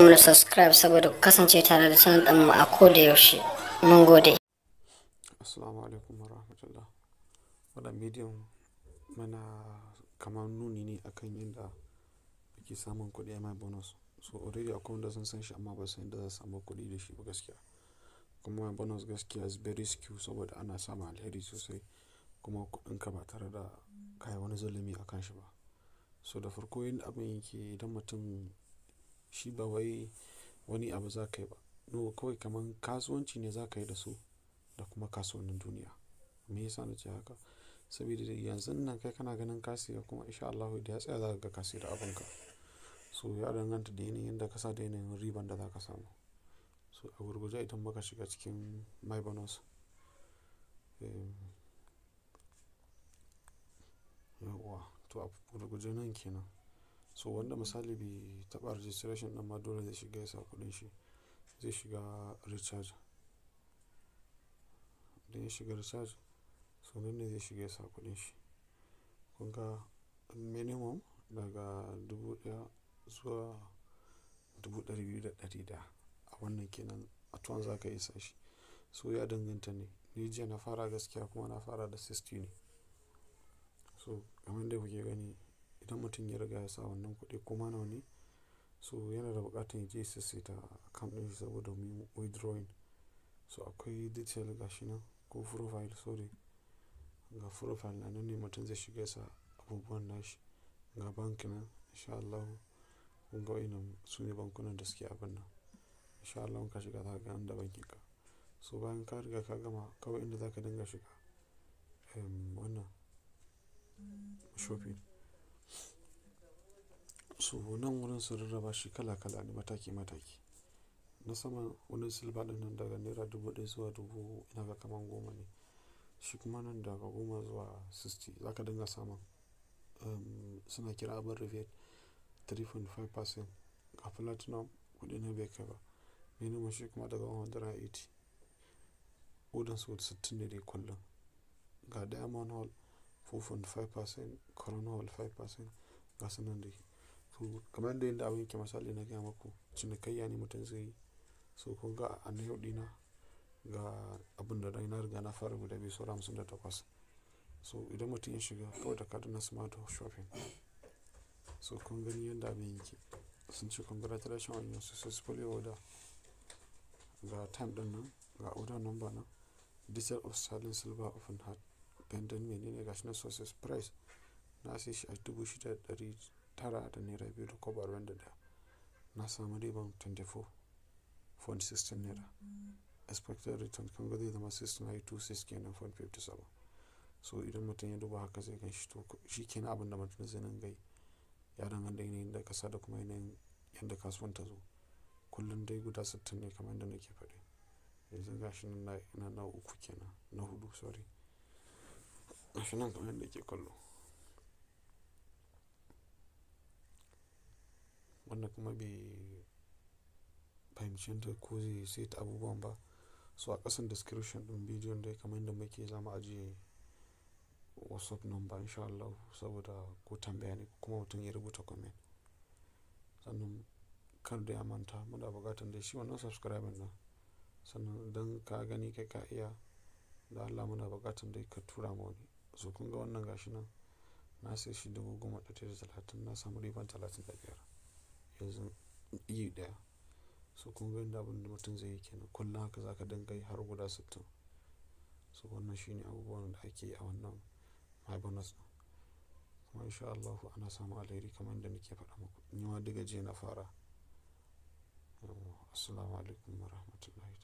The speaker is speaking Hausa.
mana subscribe saboda kasance tare da sanin da mu a koda yaushe mun gode assalamu alaikum warahmatullah wannan bidiyon mana kamar nuni ne akan yadda ake samun kuɗi a mai bonus so already akwai wanda sun san shi amma ba san yadda za su samu kuɗi da shi ba gaskiya kuma mai bonus gaskiya is very skew saboda ana samun alheri sosai kuma kuɗinka ba tare da kai wani zulumi akan shi ba so da farko yin abin yake idan mutum shi ba wai wani abu za ka yi ba no kawai kamar kasuwanci ne za ka yi da su da kuma kasuwannin duniya me yasa na ce haka saboda yanzun nan kai kana ganin kasi da kuma isha Allah Allahu da ya tsaya za ka ga ka da abinka so ya danganta da yanayin da ka sa da yanayin riban da za ka samu so a gurguje idan baka shiga cikin my bonus ehm, yawwa to a gurguje nan kenan so wanda misali bai taba registration ɗin ma dole zai shiga yasa kudin shi zai shiga recharge da ya shiga recharge so nan ne zai shiga yasa kudin shi kun ga minimum daga 1000 zuwa dubu ɗari biyu a wannan kenan a tuwon za ka isa shi so ya danganta ne ni jiya na fara gaskiya kuma na fara da 60 ne so kamar da kuke gani idan mutum ya riga ya sa wannan kuɗi kuma nawa ne so yana da buƙatar ya je sassaita account ɗin shi saboda mu withdrawing so akwai detail gashi nan ko profile sorry ga profile nan ne mutum zai shiga sa abubuwan nashi ga bank nan insha Allah kun ga wayannan su ne bankunan da suke abin nan insha Allah ka shiga za ka ga da bankin ka so bayan ka riga ka gama kawai inda zaka dinga shiga wannan shopping su nan wurin su rarraba shi kala-kala ne mataki-mataki na saman wani silba ɗin nan daga naira dubu ɗaya zuwa dubu ina ga kaman goma ne shi kuma nan daga goma zuwa 60 za ka dinga samun um, suna kira abin rufiyar 3.5% ga platinum kudi na bai kai ba minimum shi kuma daga 180 udin su 60 ne dai kullum ga diamond hall 4.5% crown hall 5% ga sanan dai so kamar da yadda abin yake misali na gaya maku cinikayya ne mutum zai yi so kun ga a na yau ɗina ga abin da na riga na fara guda biyu saura hamsin da takwas so idan mutum ya shiga kawai da kadin na smart shopping so kun gani yadda abin yake sun ce congratulations on your successful order ga time din nan ga order number nan detail of sterling silver of an hard pendant menene gashi na sources price na sai shi a dubu shida da ɗari tara da naira biyu da kwabar wanda da ɗaya na samu riban 24.16 naira mm. expected return kan zai zama 692.6 kenan 57 so idan mutum ya duba haka zai gan shi to shi kenan abin da mutum zai nan gai ya danganta yanayin da kasa da kuma yanayin yadda kasuwan ta zo kullum dai guda 60 ne kamar yadda nake faɗi yanzu ga shi nan na uku kenan na hudu sorry shi nan kamar yadda ke kallo wanda kuma bai fahimcinta ko zai saita abubuwan ba so a kasan description ɗin bidiyon da kamar yadda muke za mu ajiye whatsapp number insha Allah saboda ko tambaya ne kuma mutum ya rubuta comment sannan kar da ya manta muna buƙatar da shi wannan subscribe na sannan idan ka gani kai ka iya da Allah muna buƙatar da ka tura ma wani so kun ga wannan gashi nan na sai shi dubu goma ɗaya da talatin na samu riban talatin da biyar yanzu iri daya So kuma ga abin da mutum zai yi kenan kullum haka za ka dinga yi har guda sittin. So wannan shine abubuwan da ake yi a wannan hibernate ɗin. Kuma Allahu ana samu alheri kamar yadda nake faɗa muku. Ni ma duk gajiya na fara. Assalamu alaikum warahmatullahi.